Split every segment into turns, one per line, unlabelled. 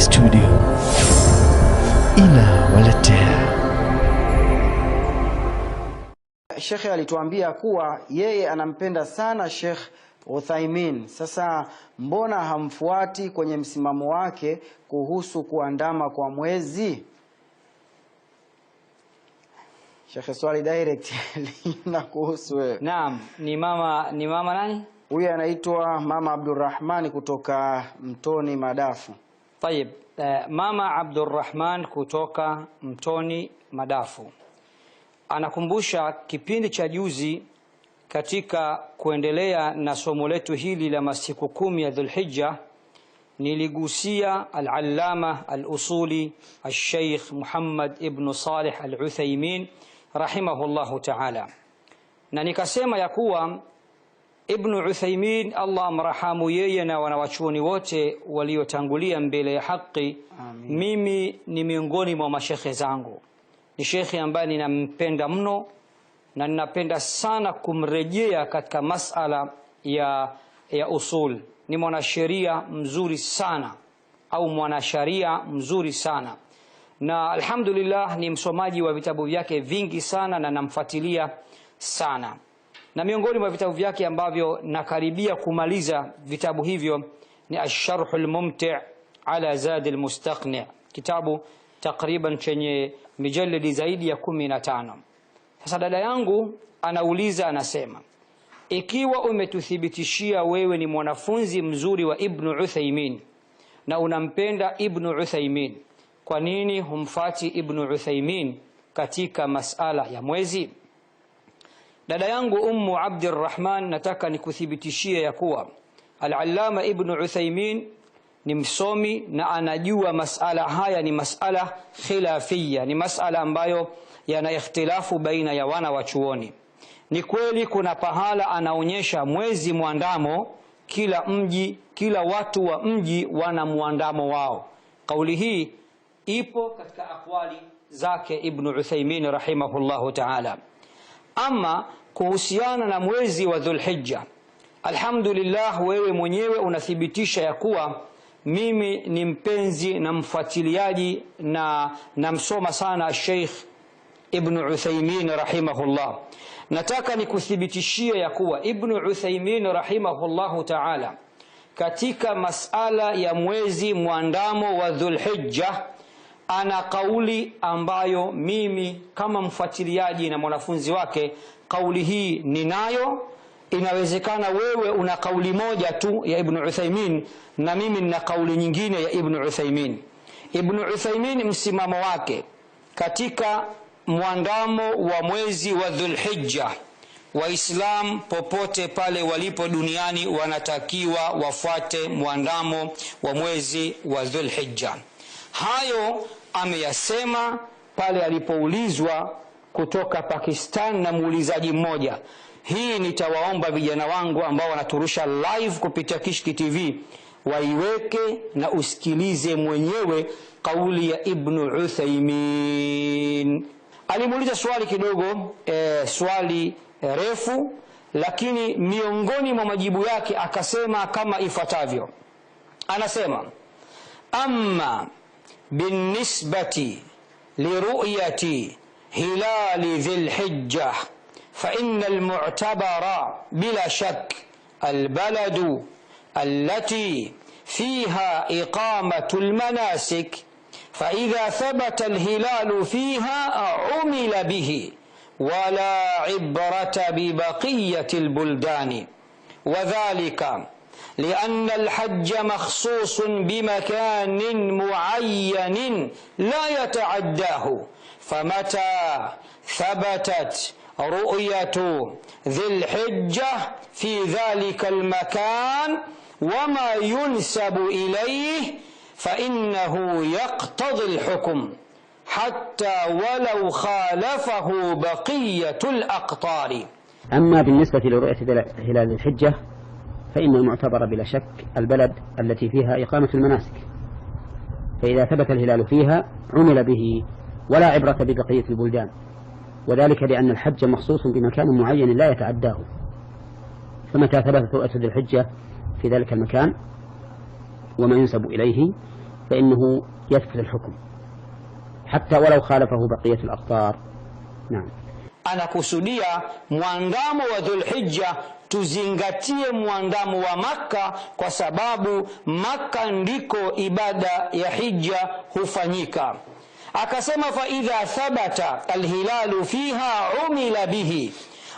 Studio inawaletea. Shekhe alituambia kuwa yeye anampenda sana Sheikh Uthaimin. Sasa mbona hamfuati kwenye msimamo wake kuhusu kuandama kwa mwezi? Shekhe, swali direct lina kuhusu wewe.
Naam, ni mama, ni mama nani?
Huyu anaitwa Mama Abdurrahmani kutoka Mtoni Madafu.
Tayib, eh, Mama Abdurrahman kutoka Mtoni Madafu anakumbusha kipindi cha juzi katika kuendelea na somo letu hili la masiku kumi ya Dhulhijja niligusia al-allama al-usuli al-sheikh Muhammad ibn saleh al-Uthaymin rahimahullahu ta'ala, na nikasema ya kuwa Ibnu Uthaimin, Allah amrahamu yeye na wanawachuoni wote waliotangulia mbele ya haki. Mimi ni miongoni mwa mashekhe zangu, ni shekhe ambaye ninampenda mno na ninapenda sana kumrejea katika masala ya, ya usul. Ni mwanasheria mzuri sana au mwanasharia mzuri sana na alhamdulillah, ni msomaji wa vitabu vyake vingi sana na namfuatilia sana na miongoni mwa vitabu vyake ambavyo nakaribia kumaliza vitabu hivyo ni Asharhu lmumti ala zadi lmustaqni, kitabu takriban chenye mijalidi zaidi ya kumi na tano. Sasa dada yangu anauliza, anasema ikiwa umetuthibitishia wewe ni mwanafunzi mzuri wa Ibnu Uthaimin na unampenda Ibnu Uthaimin, kwa nini humfati Ibnu Uthaimin katika masala ya mwezi? Dada yangu Ummu Abdirrahman, nataka nikuthibitishie ya kuwa Al-Allama Ibn Uthaymin ni msomi na anajua masala haya ni masala khilafia, ni masala ambayo yana ikhtilafu baina ya wana wa chuoni. Ni kweli kuna pahala anaonyesha mwezi mwandamo, kila mji, kila watu wa mji wana mwandamo wao. Kauli hii ipo katika akwali zake Ibn Uthaymin rahimahullahu ta'ala. Ama kuhusiana na mwezi wa Dhulhijja, alhamdulillah, wewe mwenyewe unathibitisha ya kuwa mimi ni mpenzi na mfuatiliaji na namsoma sana Sheikh Ibn Uthaymin rahimahullah. Nataka nikuthibitishie ya kuwa Ibn Uthaymin rahimahullahu ta'ala katika masala ya mwezi mwandamo wa Dhulhijja ana kauli ambayo mimi kama mfuatiliaji na mwanafunzi wake kauli hii ninayo. Inawezekana wewe una kauli moja tu ya Ibn Uthaymeen na mimi nina kauli nyingine ya Ibn Uthaymeen Ibn Uthaymeen msimamo wake katika mwandamo wa mwezi wa Dhulhijja, Waislam popote pale walipo duniani wanatakiwa wafuate mwandamo wa mwezi wa Dhulhijja. Hayo ameyasema pale alipoulizwa kutoka Pakistan na muulizaji mmoja. Hii nitawaomba vijana wangu ambao wanaturusha live kupitia Kishki TV waiweke na usikilize mwenyewe kauli ya Ibnu Uthaimin. Alimuuliza swali kidogo e, swali refu, lakini miongoni mwa majibu yake akasema kama ifuatavyo, anasema amma بالنسبة لرؤية هلال ذي الحجة فإن المعتبر بلا شك البلد التي فيها إقامة المناسك فإذا ثبت الهلال فيها عمل به ولا عبرة ببقية البلدان وذلك لأن الحج مخصوص بمكان معين لا يتعداه فمتى ثبتت رؤية ذي الحجة في ذلك المكان وما ينسب إليه فإنه يقتضي الحكم حتى ولو خالفه بقية الأقطار أما بالنسبة لرؤية هلال الحجة فإن المعتبر بلا شك البلد التي فيها إقامة المناسك فإذا ثبت الهلال فيها عمل به ولا عبرة ببقية البلدان وذلك لأن الحج مخصوص بمكان معين لا يتعداه فمتى ثبتت رؤية ذي الحجة في ذلك المكان وما ينسب إليه فإنه يثبت الحكم حتى ولو خالفه بقية الأقطار نعم anakusudia mwandamo wa Dhulhijja tuzingatie mwandamo wa Makka kwa sababu Makka ndiko ibada ya hija hufanyika. Akasema, fa idha thabata alhilalu fiha umila bihi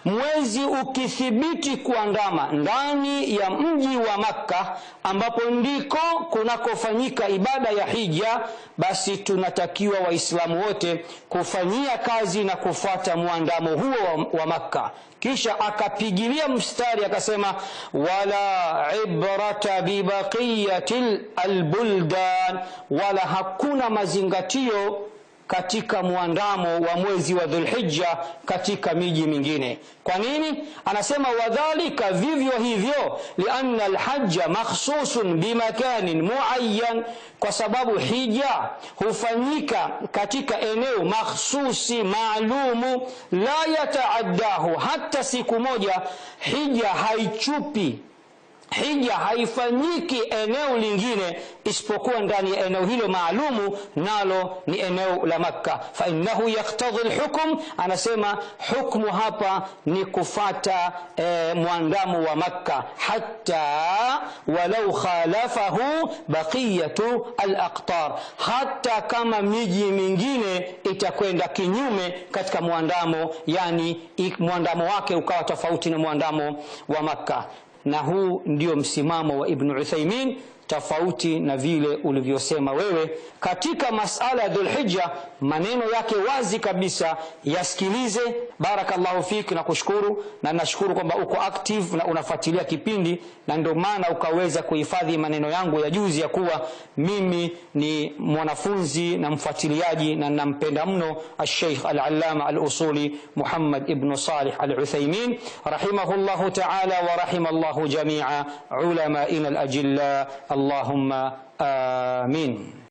Mwezi ukithibiti kuandama ndani ya mji wa Makka, ambapo ndiko kunakofanyika ibada ya hija, basi tunatakiwa Waislamu wote kufanyia kazi na kufuata muandamo huo wa, wa Makka. Kisha akapigilia mstari akasema, wala ibrata bibaqiyati albuldan, wala hakuna mazingatio katika muandamo wa mwezi wa Dhulhijja katika miji mingine. Kwa nini? Anasema wadhalika, vivyo hivyo, lianna alhajja makhsusun bimakanin muayyan, kwa sababu hija hufanyika katika eneo makhsusi maalumu, la yataaddahu, hata siku moja hija haichupi hija haifanyiki eneo lingine isipokuwa ndani ya eneo hilo maalumu, nalo ni eneo la Makka. Fa innahu yaktadhi lhukm, anasema hukmu hapa ni kufata e, mwandamo wa Makka, hatta walau khalafahu baqiyatu alaqtar, hata kama miji mingine itakwenda kinyume katika mwandamo, yani mwandamo wake ukawa tofauti na mwandamo wa Makka na huu ndio msimamo wa Ibn Uthaymeen tofauti na vile ulivyosema wewe katika masala ya Dhulhijja. Maneno yake wazi kabisa, yasikilize. Barakallahu fik, na kushukuru na nashukuru kwamba uko active na unafuatilia kipindi, na ndio maana ukaweza kuhifadhi maneno yangu ya juzi ya kuwa mimi ni mwanafunzi na mfuatiliaji na nampenda mno Alsheikh alallama alusuli Muhammad ibn Salih aluthaimin rahimahullahu ta'ala wa rahimallahu jami'a ulamaina al-ajilla. اللهم آمين